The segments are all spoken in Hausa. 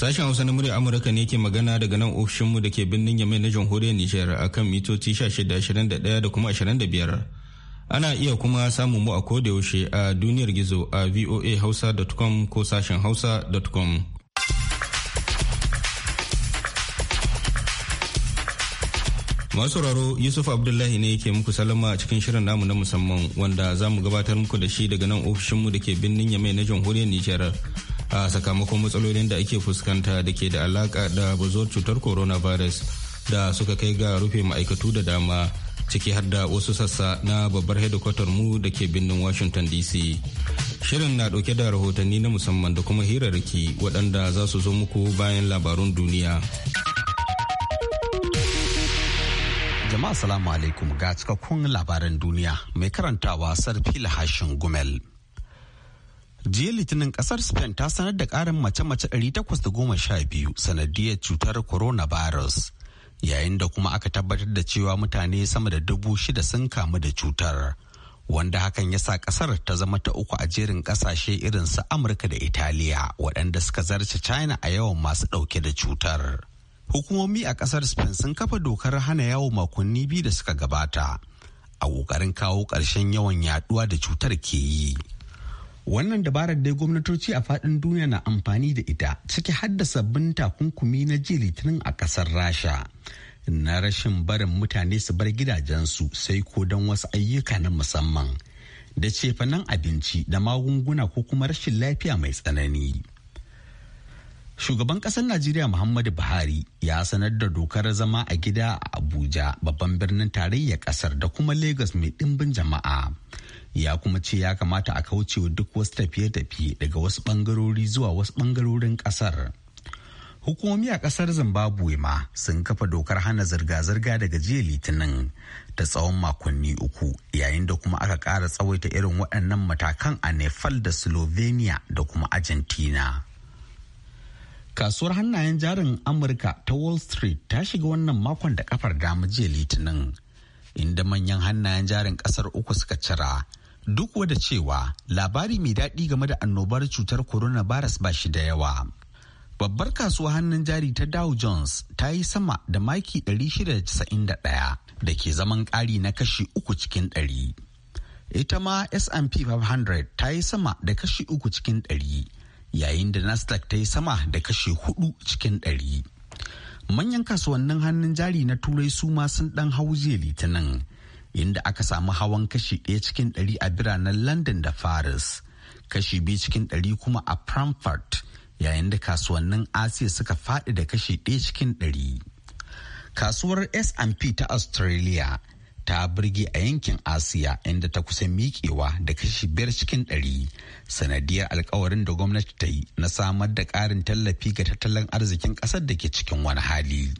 Sashen Hausa na murya Amurka ne ke magana daga nan ofishinmu da ke birnin Yamai na jamhuriyar Nijar a kan mitoci 1621 da kuma 25. Ana iya kuma samun mu a yaushe a duniyar gizo a voahausa.com ko sashen hausa.com. Masu sauraro Yusuf Abdullahi ne ke muku salama a cikin shirin namu na musamman wanda za mu gabatar muku da shi daga nan ofishinmu da ke birnin Yamai na jamhuriyar Nijar. a sakamakon matsalolin da ake fuskanta da ke da alaka da bazuwar cutar coronavirus da suka kai ga rufe ma'aikatu da dama ciki har da wasu sassa na babbar hedikwatar mu da ke birnin washington dc shirin na dauke da rahotanni na musamman da kuma hirarraki waɗanda za su zo muku bayan labarun duniya jama'a salamu alaikum ga cikakkun labaran duniya mai karantawa sarfi lahashin gumel jiya litinin kasar spain ta sanar da karin mace-mace 812 sanadiyar cutar coronavirus yayin da kuma aka tabbatar da cewa mutane sama da dubu shida sun kamu da cutar wanda hakan ya sa kasar ta zama ta uku a jerin kasashe irin su amurka da italiya waɗanda suka zarce china a yawan masu ɗauke da cutar hukumomi a kasar spain sun kafa dokar hana yawo makonni biyu da suka gabata a ƙoƙarin kawo ƙarshen yawan yaduwa da cutar ke yi wannan dabarar dai gwamnatoci a faɗin duniya na amfani da ita ciki hadda sabbin takunkumi na ji litinin a ƙasar rasha na rashin barin mutane su bar gidajensu sai ko don wasu ayyuka na musamman da cefanen abinci da magunguna ko kuma rashin lafiya mai tsanani shugaban ƙasar najeriya muhammadu buhari ya sanar da dokar zama a gida a abuja babban birnin tarayyar ƙasar da kuma lagos mai ɗimbin jama'a ya kuma ce ya kamata a kauce wa duk wasu tafiye-tafiye daga wasu ɓangarori zuwa wasu ɓangarorin ƙasar. hukumomi a ƙasar zimbabwe ma sun kafa dokar hana zirga-zirga daga jiya litinin ta tsawon makonni uku yayin da kuma aka ƙara tsawaita irin waɗannan matakan a nepal da slovenia da kuma argentina kasuwar hannayen jarin amurka ta wall street ta shiga wannan makon da kafar dama jiya litinin inda manyan hannayen jarin ƙasar uku suka cira duk wada cewa labari mai daɗi game da annobar cutar coronavirus ba shi da yawa. Babbar kasuwa hannun jari ta Dow Jones ta yi sama da maki 691 da ke zaman ƙari na kashi uku cikin ɗari. Ita ma S&P 500 ta yi sama da kashi uku cikin ɗari, yayin da Nasdaq ta yi sama da kashi hudu cikin ɗari. Manyan kasuwannin hannun jari na Turai su ma sun ɗan hau jiya Litinin. inda aka samu hawan kashi ɗaya cikin ɗari a biranen london da faris kashi biyu cikin ɗari kuma a frankfurt yayin da kasuwannin asiya suka faɗi da kashi ɗaya cikin ɗari kasuwar S&P ta Australia ta birge a yankin Asiya inda ta kusa miƙewa da kashi biyar cikin ɗari sanadiyar alkawarin da gwamnati ta yi na samar da ƙarin tallafi ga tattalin arzikin ƙasar da ke cikin wani hali.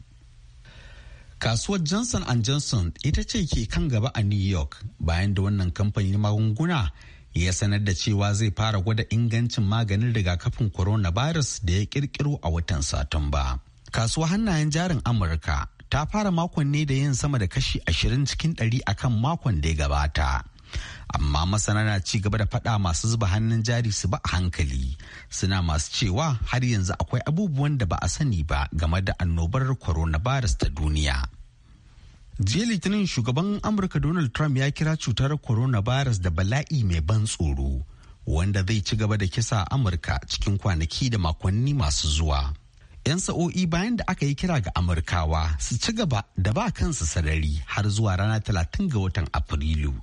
Kasuwar Johnson Johnson ita ce ke kan gaba a New York bayan da wannan kamfanin magunguna ya sanar da cewa zai fara gwada ingancin maganin rigakafin coronavirus da ya kirkiro a watan Satumba. Kasuwar hannayen jarin Amurka ta fara makon ne da yin sama da kashi 20 cikin 100 akan makon da ya gabata. amma masana na ci gaba da faɗa masu zuba hannun jari su ba a hankali suna masu cewa har yanzu akwai abubuwan da ba a sani ba game da annobar coronavirus ta duniya jiya litinin shugaban amurka donald trump ya kira cutar coronavirus da bala'i mai ban tsoro wanda zai ci gaba da kisa amurka cikin kwanaki da makonni masu zuwa 'yan sa'o'i bayan da aka yi kira ga amurkawa su ci gaba da ba kansu sarari har zuwa rana 30 ga watan afrilu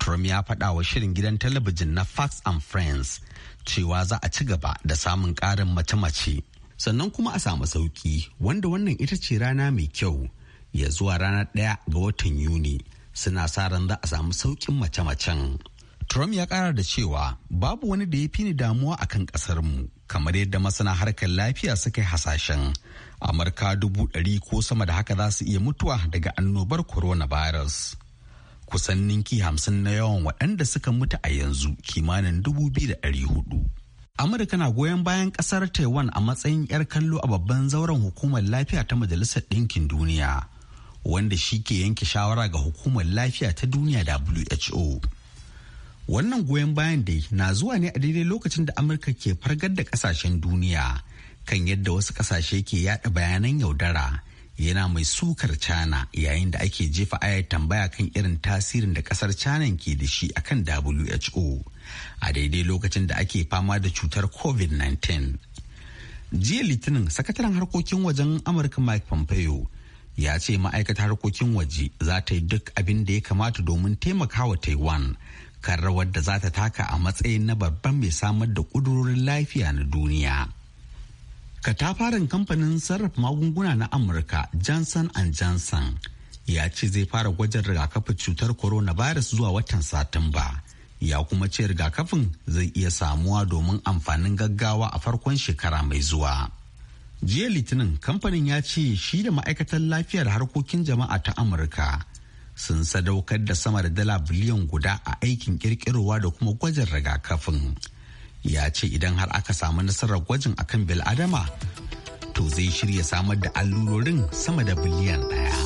Trump ya faɗa wa shirin gidan talabijin na Fox and Friends cewa za a ci gaba da samun ƙarin mace-mace. Sannan kuma a samu sauƙi wanda wannan ita ce rana mai kyau ya zuwa ranar ɗaya ga watan Yuni suna sa ran za a samu sauƙin mace-macen. Trump ya ƙara da cewa babu wani da ya fi ni damuwa a kan ƙasarmu kamar yadda masana harkar lafiya suka yi hasashen. Amurka dubu ɗari ko sama da haka za su iya mutuwa daga annobar coronavirus. kusan ninki hamsin na yawan waɗanda suka mutu a yanzu kimanin dubu biyu da ɗari hudu. amurka na goyon bayan ƙasar taiwan a matsayin 'yar kallo a babban zauren hukumar lafiya ta majalisar ɗinkin duniya wanda shi ke yanke shawara ga hukumar lafiya ta duniya who wannan goyon bayan dai na zuwa ne a daidai lokacin da amurka ke fargar da ƙasashen duniya kan yadda wasu ƙasashe ke yaɗa bayanan yaudara yana mai sukar cana yayin da ake jefa ayar tambaya kan irin tasirin da kasar cana ke da shi akan WHO a daidai lokacin da ake fama da cutar COVID-19. Jiya Litinin sakataren harkokin wajen Amurka Mike Pompeo ya ce ma'aikatar harkokin waje za ta yi duk abin da ya kamata domin taimakawa Taiwan kan rawar da za ta taka a matsayin na babban mai samar da ƙudurorin lafiya na duniya. katafaren kamfanin sarrafa magunguna na amurka johnson and johnson ya ce zai fara gwajin rigakafin cutar coronavirus zuwa watan satumba ya kuma ce rigakafin zai iya samuwa domin amfanin gaggawa a farkon shekara mai zuwa jiya litinin kamfanin ya ce shi da ma'aikatan lafiyar harkokin jama'a ta amurka sun sadaukar da sama da dala biliyan guda a aikin kirkirowa da kuma gwajin rigakafin. ya ce idan har aka samu nasarar gwajin akan bil'adama to zai shirya samar da allurorin sama da biliyan ɗaya.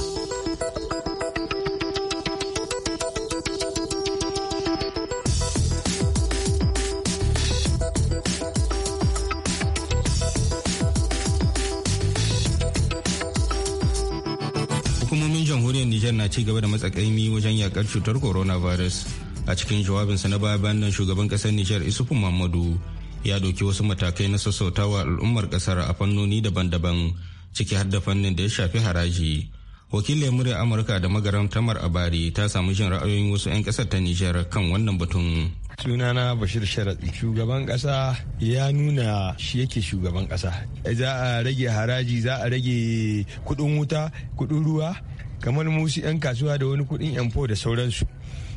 hukumomin jamhuriyar nijar na ci gaba da matsakaimi wajen yakar cutar coronavirus a cikin jawabinsa na baya bayan nan shugaban kasar nijar isufu muhammadu ya doki wasu matakai na sassautawa al'ummar kasar a fannoni daban-daban ciki har da fannin da ya shafi haraji wakilin murya amurka da magaram tamar abari ta samu jin ra'ayoyin wasu 'yan kasar ta nijar kan wannan batun sunana bashir sharaɗi shugaban ƙasa ya nuna shi yake shugaban ƙasa za a rage haraji za a rage kuɗin wuta kuɗin ruwa kamar musu 'yan kasuwa da wani kuɗin 'yan da sauransu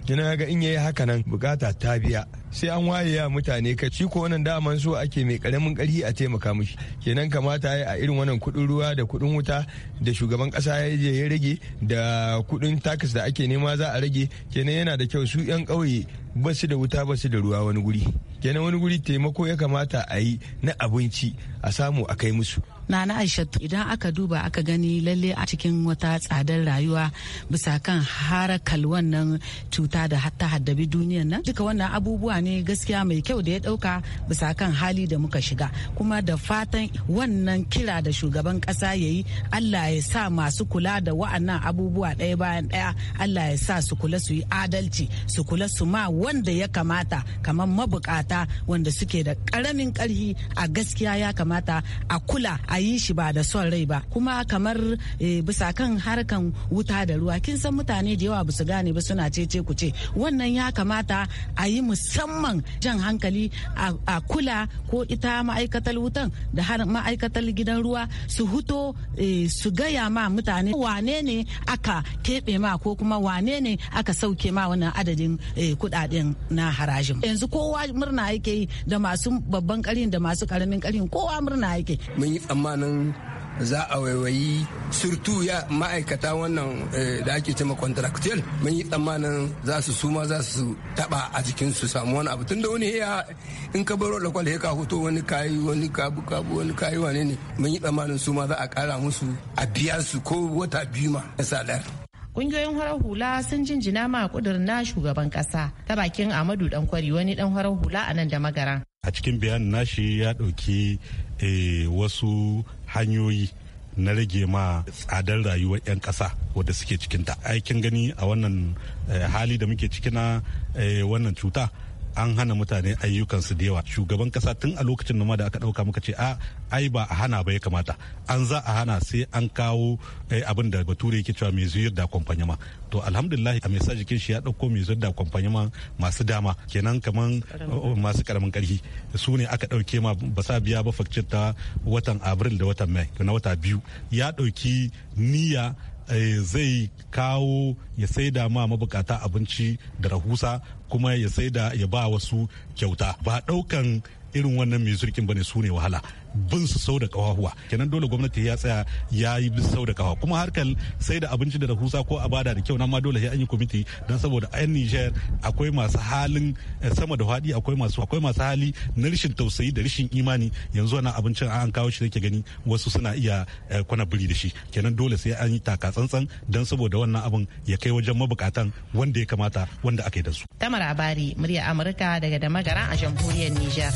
kina ga in yayi haka nan bukata ta biya sai an waye ya mutane ka ci ko wannan daman so ake mai karamin karhi a taimaka mushi kenan kamata yi a irin wannan kudin ruwa da kudin wuta da shugaban kasa ya je ya rage da kudin takis da ake nema za a rage kenan yana da kyau su yan kauye ba su da wuta ba su da ruwa wani guri kenan wani guri taimako ya kamata a yi na abinci a samu a kai musu na na aishatu idan aka duba aka gani lalle a cikin wata tsadar rayuwa bisa kan harakal wannan cuta da hatta haddabi duniyan nan duka wannan abubuwa ne gaskiya mai kyau da ya dauka bisa kan hali da muka shiga kuma da fatan wannan kira da shugaban kasa ya yi allah ya sa masu kula da wa'annan abubuwa ɗaya bayan ɗaya allah ya sa su kula su yi adalci su kula su ma wanda ya kamata kamar mabukata wanda suke da karamin karhi a gaskiya ya kamata a kula a a yi shi ba da son rai ba kuma kamar eh, bisa kan harkan wuta da ruwa kin san mutane da yawa basu gane ba suna cece ku ce wannan ya kamata a yi musamman jan hankali a kula ko ita ma'aikatar wutan da har ma'aikatar gidan ruwa su huto eh, su gaya ma mutane wane ne aka keɓe ma ko kuma wane ne aka sauke ma wannan adadin eh, kudaden na harajin yanzu kowa murna yake yi da masu babban karin da masu karamin karin kowa murna yake mun yi zamanin za a waiwayi surtu ya ma'aikata wannan eh, da ake cema contractual mun yi tsammanin za su suma za su taba a jikin su samu wani abu tunda wani ya in ka baro da kwalhe ka hoto wani kayi wani kabu kabu wani kayi wane ne mun yi tsammanin suma za a kara musu a biya su ko wata biyu ma na Kungiyoyin harar hula sun jinjina ma kudur na shugaban kasa ta bakin Amadu Dankwari wani dan harar hula a nan da magara. A cikin bayanin nashi ya ɗauki eh, wasu hanyoyi na rage ma tsadar rayuwar 'yan ƙasa wadda suke cikinta. Aikin gani a wannan eh, hali da muke cikina eh, wannan cuta. an hana mutane ayyukansu da yawa shugaban kasa tun a lokacin noma da aka dauka muka ce a ai ba a hana ba ya kamata an za a hana sai an kawo eh, abin da bature yake cewa mai zuyar da ma to alhamdulillah a mesa jikin shi ya dauko mai zuyar da ma masu dama kenan kaman oh, oh, masu karamin karfi su ne aka dauke ma ba sa biya ba fakcir ta watan abril da watan mai na wata biyu ya dauki niyya Eh, zai kawo ya saida ma mabukata abinci da rahusa kuma ya saida ya ba wasu kyauta ba daukan irin wannan mai zurkin bane su ne wahala bin su sau da kawahuwa kenan dole gwamnati ya tsaya ya yi bin sau da kawa kuma harkar sai da abinci da rahusa ko a bada da kyau nan ma dole ya yi kwamiti don saboda yan Niger akwai masu halin eh, sama da hadi akwai masu akwai masu hali na rashin tausayi da rashin imani yanzu wannan abincin an kawo shi ke gani wasu suna iya eh, kwana biri da shi kenan dole sai an yi taka tsantsan don saboda wannan abin ya kai wajen mabukatan wanda ya kamata wanda aka yi da su. Tamar Abari, murya Amurka daga Damagara a jamhuriyar Nijar.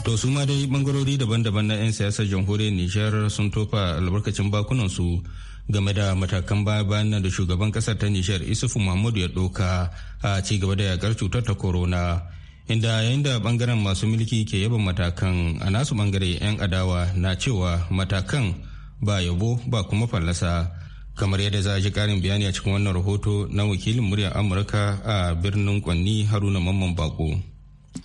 To su ma dai bangarori daban-daban na 'yan siyasar jamhuriyar Nijar sun tofa albarkacin su game da matakan baya-bayan da shugaban kasar ta Nijar Isufu Muhammadu ya doka a ci gaba da yakar cutar ta corona. Inda yayin da bangaren masu mulki ke yaban matakan a nasu bangare 'yan adawa na cewa matakan ba yabo ba kuma fallasa. kamar yadda za a ji karin bayani a cikin wannan rahoto na wakilin muryar amurka a birnin kwanni haruna mamman bako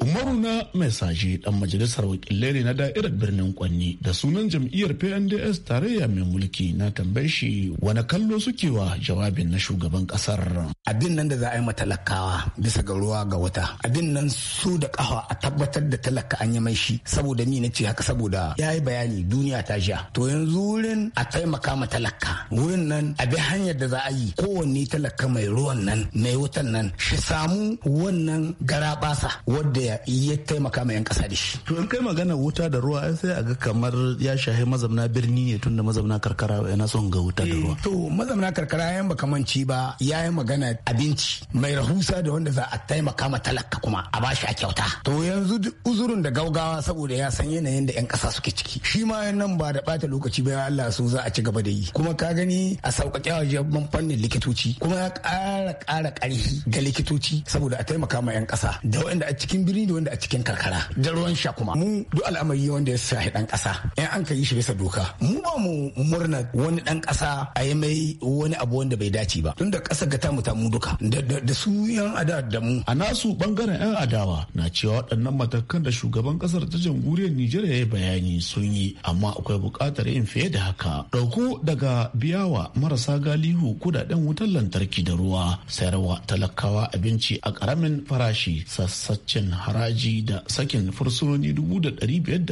umaru na mesaje dan majalisar wakilai ne na da'irar birnin kwanni da sunan jam'iyyar pnds tarayya mai mulki na tambayi shi wani kallo suke wa jawabin na shugaban kasar abin nan da za a yi matalakawa bisa ga ruwa ga wata abin nan su da kawa a tabbatar da talaka an yi mai shi saboda ni na ce haka saboda ya yi bayani duniya ta sha to yanzu wurin a taimaka ma talaka wurin nan a bi hanyar da za a yi kowanne talaka mai ruwan nan mai wutan nan shi samu wannan garabasa wadda da ya taimaka ma 'yan kasa da shi. To in kai magana wuta da ruwa sai a ga kamar ya shahi mazamna birni ne tunda mazamna karkara yana son ga wuta da eh, ruwa. To mazamna karkara ya makamanci ba ya yi magana abinci mai rahusa da wanda za a taimaka ma talaka kuma a ba shi a kyauta. To yanzu uzurin da gaugawa saboda ya san yanayin da 'yan kasa suke ciki. Shi ma nan ba da bata lokaci ba ya Allah so za a ci gaba da yi. Kuma ka gani a sauƙaƙe wajen fannin likitoci kuma ya ƙara ƙara ƙarfi ga likitoci saboda a taimaka ma 'yan ƙasa da waɗanda a cikin birni da wanda a cikin karkara da ruwan sha kuma mu duk al'amari wanda ya shahi dan kasa in an ka yi shi bisa doka mu ba mu murna wani dan kasa a yi mai wani abu wanda bai dace ba tunda kasa ga tamu ta mu duka da su yan adawa da mu a nasu bangaren yan adawa na cewa waɗannan matakan da shugaban kasar ta jamhuriyar Nijar ya yi bayani sun yi amma akwai buƙatar yin fiye da haka ɗauko daga biyawa marasa galihu kudaden wutar lantarki da ruwa sayarwa talakawa abinci a ƙaramin farashi sassacin haraji da sakin fursunoni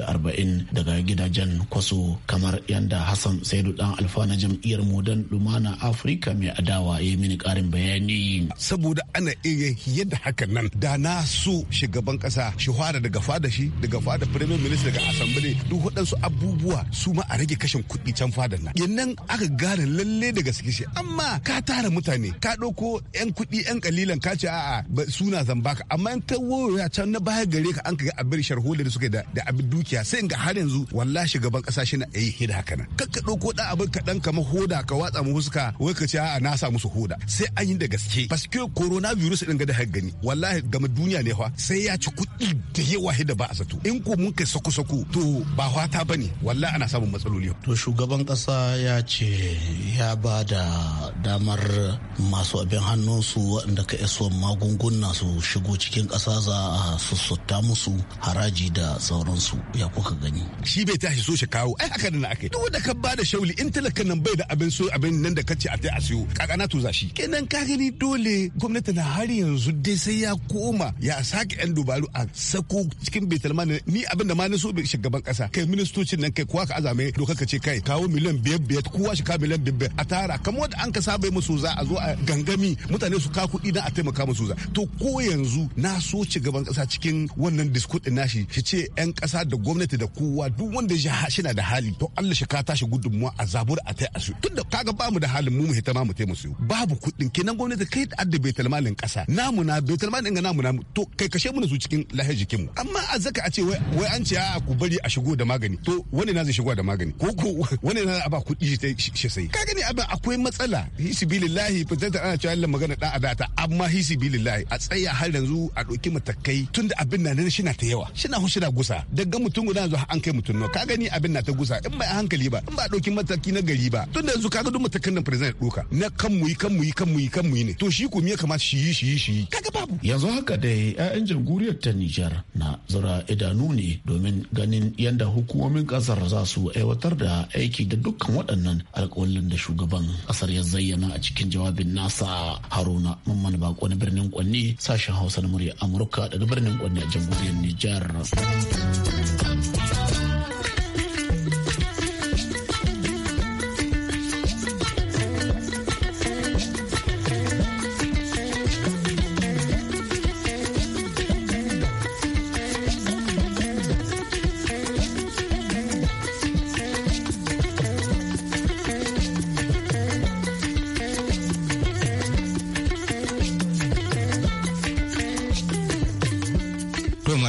arba'in daga gidajen kwaso kamar yadda hassan saidu dan alfa na jam'iyyar modan lumana afirka mai adawa ya yi mini karin bayani saboda ana iya yadda hakan nan da na so shugaban kasa shi fara daga fada shi daga fada premier minister daga asambile duk waɗansu abubuwa su ma a rage kashin kuɗi can fadar nan yannan aka gane lalle da gaske shi amma ka tara mutane ka ɗauko 'yan kuɗi 'yan kalilan ka ce a'a suna zan baka amma in ka waya can na baya gare ka an kaga abin sharhola da suka da da abin dukiya sai in ga har yanzu wallahi shugaban kasa shi na yi eh, hida haka nan kakka dauko da abin ka kamar hoda ka watsa mu ka, wai ka ce a na sa musu hoda sai an yi da gaske paske virus din ga da gani wallahi gama duniya ne fa sai ya ci kuɗi da yawa hida ba a zato in ko mun kai sako-sako to ba fata bane wallahi ana samun matsaloli to shugaban kasa ya ce ya ba da damar masu abin su waɗanda ka iso magunguna su shigo cikin ƙasa za a a sassauta musu haraji da sauransu ya kuka gani shi bai tashi so shi kawo ai haka nan akai duk da ka bada shauli in talakan nan bai da abin so abin nan da kace a tai a siyo kakana to zashi kenan ka gani dole gwamnati na har yanzu dai sai ya koma ya sake yan dubaru a sako cikin betalman ni abin da ma na so shugaban kasa kai ministocin nan kai kuwa ka azame dokar ka ce kai kawo miliyan biyar biyar kowa shi kawo miliyan biyar a tara kamar wanda an ka saba musu za a zo a gangami mutane su ka kuɗi a taimaka musu za to ko yanzu na so shugaban kasa cikin wannan diskut din nashi shi ce yan kasa da gwamnati da kowa duk wanda ya shi na da hali to Allah shi ka tashi gudunmuwa a zabur a tai asu tun da kaga bamu da halin mu mu hita mu tai musu babu kuɗin kenan gwamnati kai da adda baitul malin kasa namu na baitul malin ga namu na to kai kashe mu su cikin lahiyar jikin mu amma a zaka a ce wai an ce a ku bari a shigo da magani to wani na zai shigo da magani ko ko wani na ba kuɗi shi sai ka gani abin akwai matsala hisibilillahi fitata ana cewa Allah magana da adata amma hisibilillahi a tsaya har yanzu a ɗauki matakai tunda tun da abin na nan shi na ta yawa shi na shi na gusa daga mutum guda zuwa an kai mutum nawa ka gani abin na ta gusa in ba hankali ba in ba dauki mataki na gari ba tun da yanzu ga duk matakan nan president doka na kan muyi kan muyi kan muyi kan muyi ne to shi ko me kamata shi yi shi yi shi yi kaga babu yanzu haka dai 'ya'yan jamhuriyar ta Nijar na zura idanu ne domin ganin yanda hukumomin kasar za su aiwatar da aiki da dukkan waɗannan alƙawarin da shugaban kasar ya zayyana a cikin jawabin nasa Haruna Mamman Bako na birnin Kwanni sashen Hausa na murya Amurka da daga birnin gwamnatin jamhuriyar Nijar.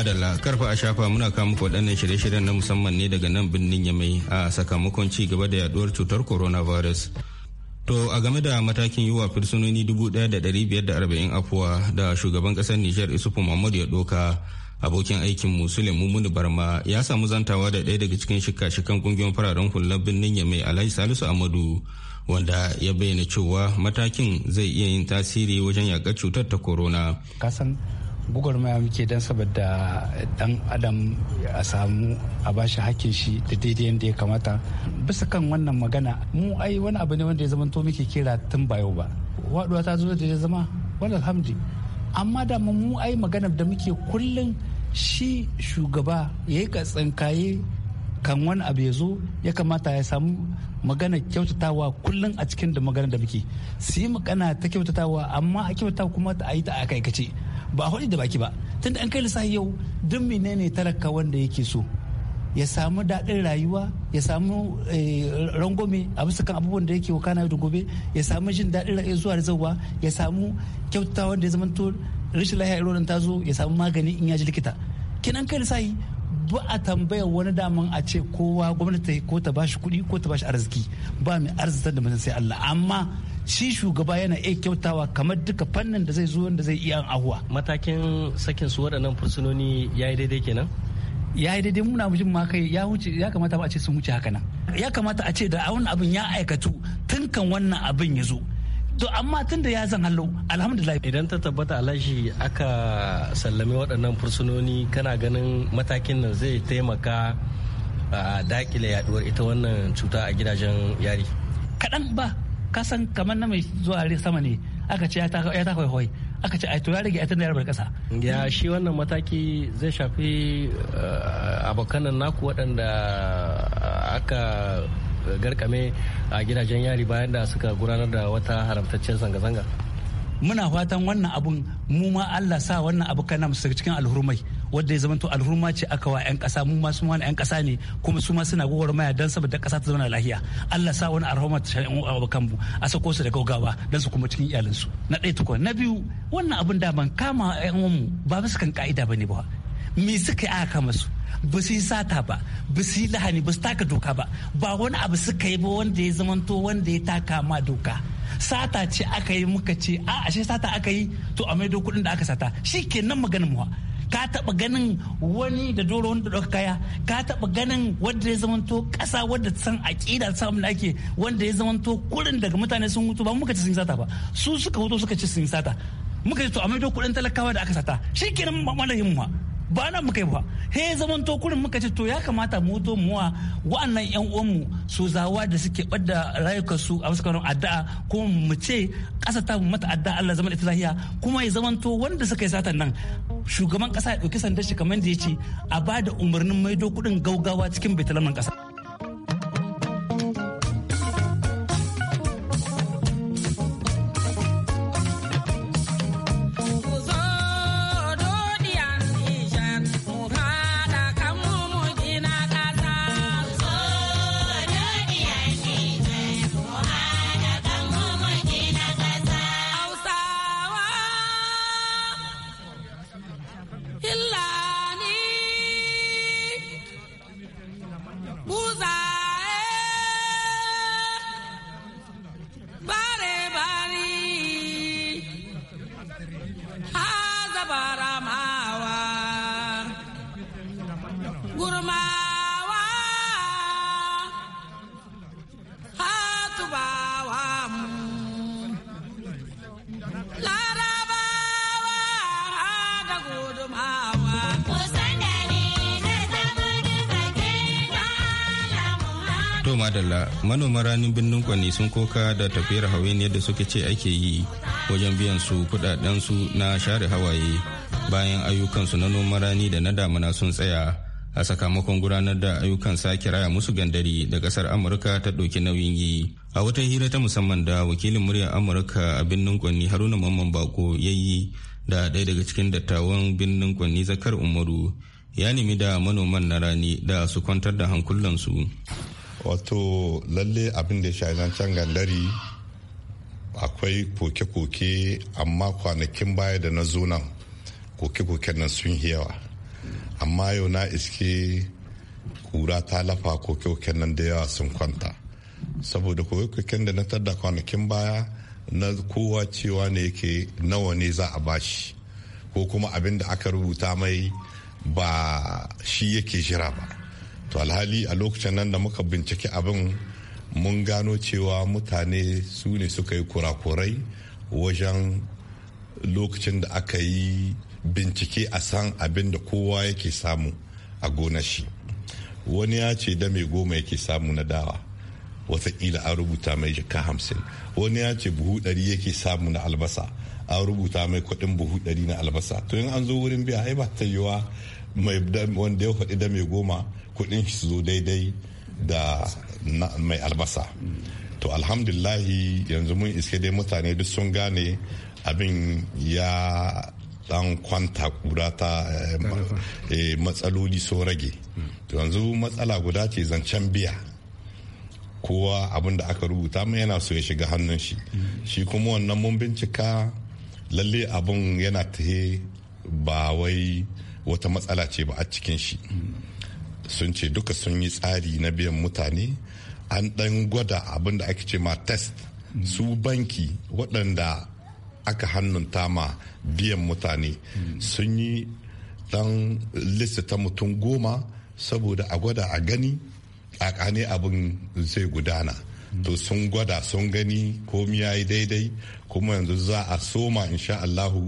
madalla karfa a shafa muna kawo muku waɗannan shirye-shiryen na musamman ne daga nan birnin yamai a sakamakon ci gaba da yaduwar cutar coronavirus. To a game da matakin yiwa fursunoni 1,540 afuwa da shugaban ƙasar Nijar Isufu Muhammadu ya ɗauka abokin aikin Musulun Mumunu Barma ya samu zantawa da ɗaya daga cikin shika-shikan ƙungiyar fararen hular birnin Yamai Alhaji Salisu Amadu wanda ya bayyana cewa matakin zai iya yin tasiri wajen yaƙar cutar ta corona. maya muke don saboda dan adam a samu a bashi hakkin shi da daidai yadda ya kamata bisa kan wannan magana mu ai wani abu ne wanda ya zama to muke kira tun ba ba waduwa ta zo da ya zama wani alhamdi amma da mu ai magana da muke kullum shi shugaba ya yi tsinkaye kan wani abu ya zo ya kamata ya samu magana kyautatawa kullum a cikin da magana da muke su yi magana ta kyautatawa amma a kyautatawa kuma ta a yi ta a kace ba hudu da baki ba tunda an kai lissafi yau duk menene talaka wanda yake so ya samu daɗin rayuwa ya samu eh, rangwame a bisa kan abubuwan da yake wakana da gobe ya samu jin daɗin rayuwa zuwa da zauwa ya samu kyautata wanda ya zama to rashin lahiya irin ta zo ya samu magani in ya ji likita kinan kai lissafi ba a tambayar wani daman a ce kowa gwamnati ko ta bashi kuɗi ko ta bashi arziki ba mai arzikin da mutum sai Allah amma shi shugaba yana iya kyautawa kamar duka fannin da zai zo wanda zai iya ahuwa matakin sakin su waɗannan fursunoni ya yi daidai kenan ya yi daidai muna mujin ma kai ya wuce ya kamata ba a ce sun wuce haka nan ya kamata a ce da wani abin ya aikatu tun kan wannan abin ya zo to amma tun da ya zan hallo alhamdulillah idan ta tabbata alashi aka sallame waɗannan fursunoni kana ganin matakin nan zai taimaka a dakile yaduwar ita wannan cuta a gidajen yari kaɗan ba kasan kamar na mai zuwa sama ne aka ce ya ta hoi aka ce to ya rage a tana yarbar kasa ya shi wannan mataki zai shafi eh, abokanan naku waɗanda eh, aka garkame a gidajen yari bayan da suka gudanar da wata haramtaccen zanga-zanga muna fatan wannan abun mu ma allah sa wannan abokan namu cikin alhurmai wadda ya zama to alhurma ce aka wa 'yan kasa mu masu su 'yan kasa ne kuma su ma suna gwagwarmaya don saboda kasa ta zauna lahiya Allah sa wani alhurma ta shari'an mu a sako su da gaugawa don su kuma cikin iyalinsu na ɗaya tukwa na biyu wannan abin da ban kama 'yan mu ba su kan ka'ida ba ne ba me suka yi aka kama su ba su yi sata ba ba su yi lahani ba su taka doka ba ba wani abu suka yi ba wanda ya zamanto wanda ya taka ma doka sata ce aka yi muka ce a ashe sata aka yi to a maido kuɗin da aka sata shi kenan maganin mu ka taɓa ganin wani da doro wanda ɗauka kaya ka taɓa ganin wanda ya zamanto ƙasa wanda san aƙida ta da ake wanda ya zamanto kurin daga mutane sun hutu ba muka ci sun sata ba su suka hutu suka ci sun sata muka ci to a kuɗin talakawa da aka sata shi kenan malahin mu ba nan muka yi ba he zaman to kurin muka ce to ya kamata mu to muwa wa'annan yan uwanmu su zawa da suke bada rayuka su a wasu addu'a ko mu ce kasa ta mata addu'a Allah zaman ita lahiya kuma ya zaman to wanda suka yi satan nan shugaban kasa ya dauki sandar shi kamar da ya ce a bada umarnin maido kudin gaugawa cikin baitalaman kasa adala manoman ranin birnin kwanni sun koka da tafiyar hawainiyar yadda suka ce ake yi wajen biyan su kudaden su na share hawaye bayan ayyukansu na noma rani da na damuna sun tsaya a sakamakon gudanar da ayyukan sake raya musu gandari da kasar amurka ta ɗauki nauyin yi a wata hira ta musamman da wakilin muryar amurka a birnin kwanni haruna mamman bako ya yi da ɗaya daga cikin dattawan birnin kwanni zakar umaru ya nemi da manoman na rani da su kwantar da hankulansu wato lalle abin da ya sha can gandari akwai koke-koke amma kwanakin baya da na zo nan koke-koken nan sun yawa amma yau na iske kura ta lafa koke-koken nan da yawa sun kwanta saboda koke-koken da na tada kwanakin baya na kowa cewa ne yake nawa ne za a bashi ko kuma abin da aka rubuta mai ba shi yake jira ba to alhali a lokacin nan da muka binciki abin mun gano cewa mutane su ne suka yi kurakurai wajen lokacin da aka yi bincike a san abin da kowa yake samu a gona shi wani ya ce da mai goma yake samu na dawa watakila an rubuta mai jika hamsin wani ya ce buhu ɗari yake samu na albasa an rubuta mai kuɗin buhu ɗari na albasa to in an zo wurin biya ai ba ta yiwa mai wanda ya faɗi da mai goma kuɗin shi su zo daidai da mai albasa to alhamdulahi yanzu mun iske dai mutane duk sun gane abin ya dan kwanta kura ta eh, eh, matsaloli sun rage to yanzu matsala guda ce zancen biya kowa abin da aka rubuta mai yana so ya shiga hannun shi shi kuma wannan mun bincika lalle abin yana tahe ba wai wata matsala ce ba a cikin shi sun ce duka sun yi tsari na biyan mutane an dan gwada abin da ake ce ma test su banki waɗanda aka hannunta ma biyan mutane sun yi ɗan ta mutum goma saboda a gwada a gani a kane abin zai gudana to sun gwada sun gani komi ya yi daidai kuma yanzu za a soma insha Allahu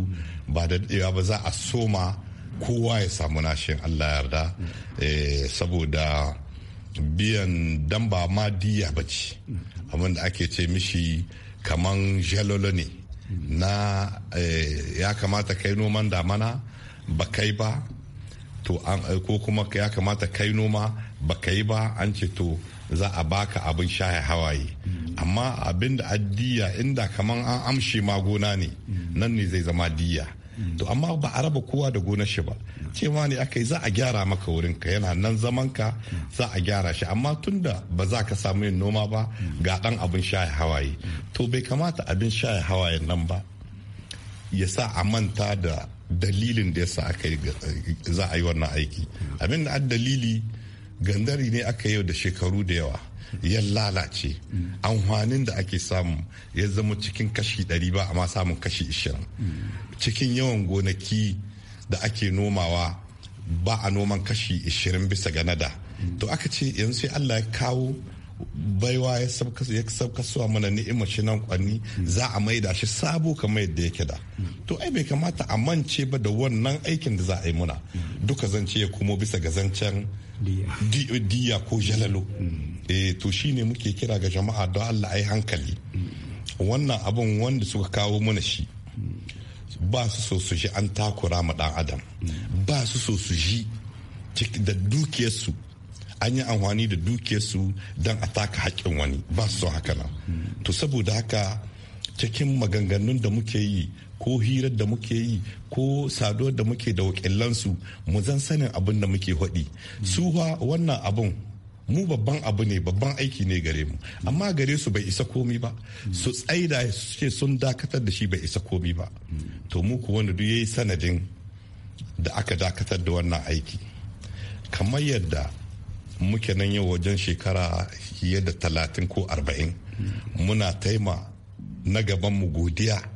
ba da daɗewa ba za a soma kowa ya samu nashin allah yarda eh, saboda biyan damba ma diya ba ce da ake ce mishi kaman jalolo ne na eh, ya kamata kai noman damana ba kai ba to eh, ko kuma ya kamata kai noma ba kai ba an ce to za a baka abin shaya hawaye amma abin da addiya inda kaman an amshi ma gona ne nan ne zai zama diya to amma ba a raba kowa da gonar shi ba cewa ne aka yi za a gyara maka wurin ka yana nan zaman ka za a gyara shi amma tunda ba za ka samu yin noma ba ga dan abin shaye hawaye to bai kamata abin shaye hawaye nan ba ya sa a manta da dalilin da ya sa aka za a yi wannan aiki abin da dalili gandari ne aka yau da shekaru da yawa ya lalace amfanin da ake samu ya zama cikin kashi 100 ba amma samun kashi 20 cikin yawan gonaki da ake nomawa ba a noman kashi 20 bisa ga nada to aka ce yanzu sai allah ya kawo baiwa ya sauka suwa mana ni'imar shi nan kwanni za a maida shi sabo kamar yadda yake da to ai bai kamata a mance ba da wannan aikin da za a yi muna duka zance ya kuma bisa ga zancen diya ko jalalo mm. eh to shine muke kira ga jama'a don Allah ai hankali mm. wannan abun wanda suka kawo mana shi mm. ba su so su ji an takura ma dan adam ba su so su ji da dukiyarsu an yi amfani da dukiyarsu don a taka haƙƙin wani ba su so haka nan to saboda haka cikin maganganun da muke yi ko hirar da muke yi ko saduwar da muke da wakilansu mu zan sanin abin da muke haɗi su wannan abin mu babban abu ne babban aiki ne gare mu amma gare su bai isa komi ba su tsaida su ce sun dakatar da shi bai isa komi ba to mu ku wani duk yayi sanadin da aka dakatar da wannan aiki kamar yadda muke nan yau wajen shekara yadda da talatin ko arba'in muna taima na gaban mu godiya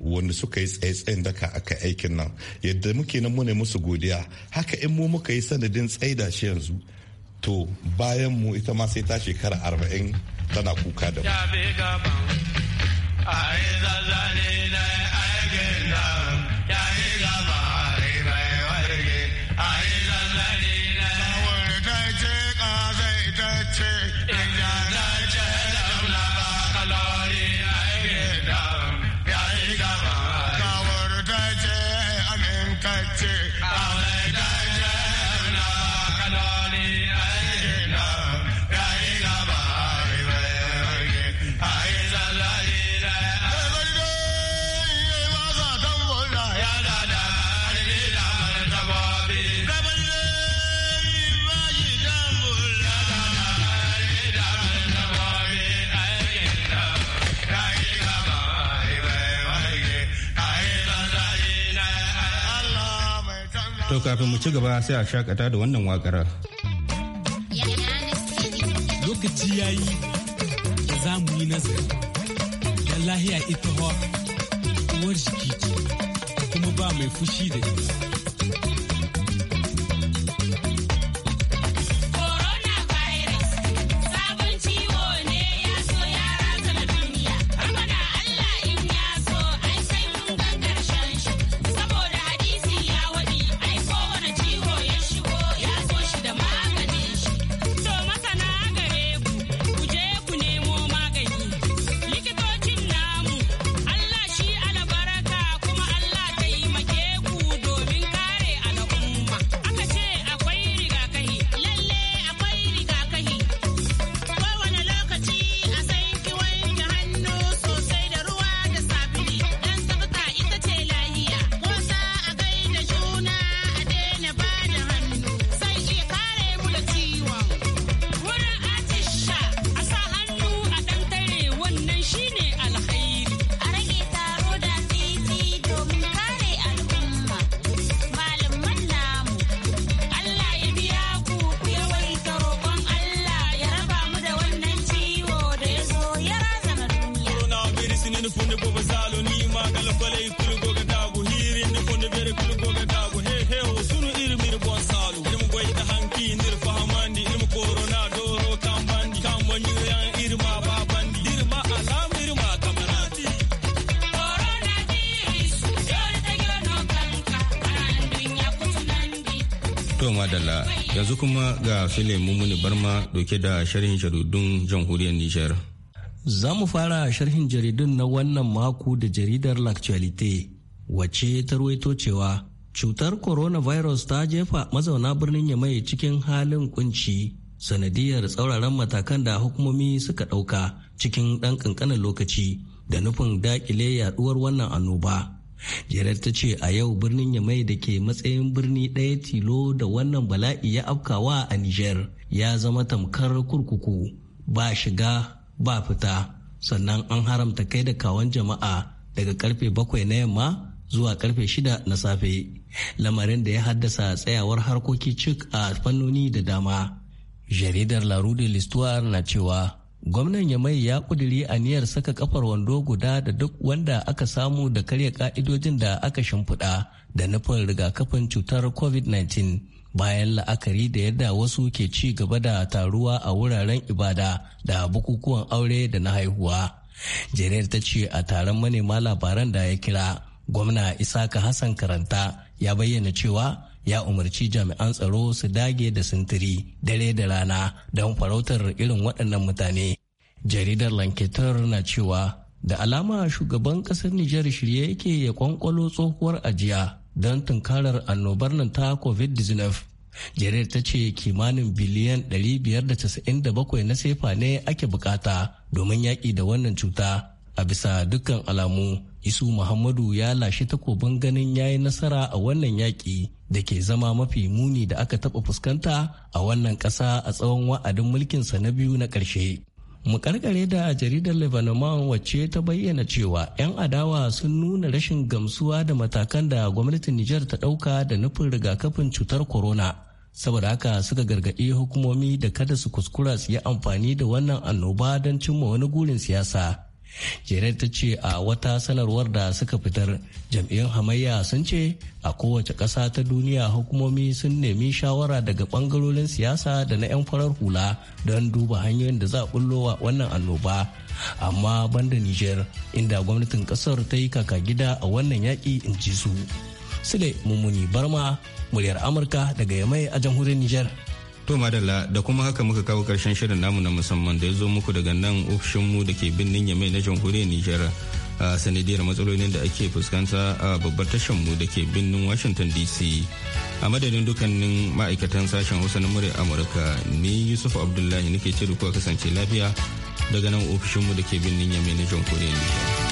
wanda suka yi tsaye-tsayen daka aka aikin nan yadda muke nan muna musu godiya haka in mu muka yi sanadin tsaida shi yanzu to bayan mu ita ma sai ta shekara arba'in tana kuka da mu. To kafin mu ci gaba sai a shakata da wannan wakar. Lokaci ya yi da za mu yi nazari. Da lahiya ita hawa, uwar jiki ce, kuma ba mai fushi da ita. kuma ga filin mummuni barma doke da sharhin jaridun jamhuriyar Nijar. Za mu fara sharhin jaridun na wannan mako da jaridar L'Actualité, wace ta ruwaito cewa cutar coronavirus ta jefa mazauna birnin Yamai cikin halin kunci sanadiyar tsauraran matakan da hukumomi suka ɗauka cikin ɗan ƙanƙanin lokaci da nufin daƙile yaɗuwar wannan annoba. jerar ta ce a yau birnin yamai da ke matsayin birni ɗaya tilo da wannan bala'i ya afkawa a niger ya zama tamkar kurkuku ba shiga ba fita sannan an haramta kai da kawon jama'a daga karfe bakwai na yamma zuwa karfe shida na safe lamarin da ya haddasa tsayawar harkoki cik a fannoni da dama jaridar Larude listuwar na cewa gwamnan yamai ya kuduri aniyar saka kafar wando guda da duk wanda aka samu da karya ka'idojin da aka shimfiɗa da nufin rigakafin cutar covid-19 bayan la'akari da yadda wasu ke ci gaba da taruwa a wuraren ibada da bukukuwan aure da na haihuwa jere ta ce a taron manema labaran da ya kira gwamna isaka hassan karanta ya bayyana cewa ya umarci jami'an tsaro su dage da sintiri dare da rana don farautar irin waɗannan mutane jaridar lanketar na cewa da alama shugaban ƙasar nijar shirye yake ya kwankwalo tsohuwar ajiya don tunkarar annobar nan ta covid-19 jaridar ta ce kimanin biliyan 597 na sefa ne ake bukata domin yaƙi da wannan cuta a bisa dukkan alamu isu muhammadu ya lashe takobin ganin ya yi nasara a wannan yaƙi da ke zama mafi muni da aka taɓa fuskanta a wannan ƙasa a tsawon wa'adin mulkinsa na biyu na ƙarshe Mu mukarkare da jaridar lebanon wacce ta bayyana cewa 'yan adawa sun nuna rashin gamsuwa da matakan da gwamnatin nijar ta ɗauka da nufin rigakafin cutar corona saboda haka suka gargaɗi hukumomi da kada su kuskura su yi amfani da wannan annoba don cimma wani gurin siyasa jerar ta ce a wata sanarwar da suka fitar jam'iyyar hamayya sun ce a kowace ƙasa ta duniya hukumomi sun nemi shawara daga ɓangarorin siyasa da na 'yan farar hula don duba hanyoyin da za a wa wannan annoba amma banda niger inda gwamnatin ƙasar ta yi kaka gida a wannan yaƙi in ji su sule mummuni barma muryar amurka daga yamai a jamhuriyar niger To madalla da kuma haka muka kawo karshen shirin namu na musamman da ya zo muku daga nan ofishinmu da ke birnin Yamai na jamhuriyar Nijar a sanadiyar matsalolin da ake fuskanta a babbar tashanmu da ke birnin Washington DC. A madadin dukkanin ma'aikatan sashen Hausa na murya Amurka ni Yusuf Abdullahi nake ce da kuwa kasance lafiya daga nan ofishinmu da ke birnin Yamai na jamhuriyar Nijar.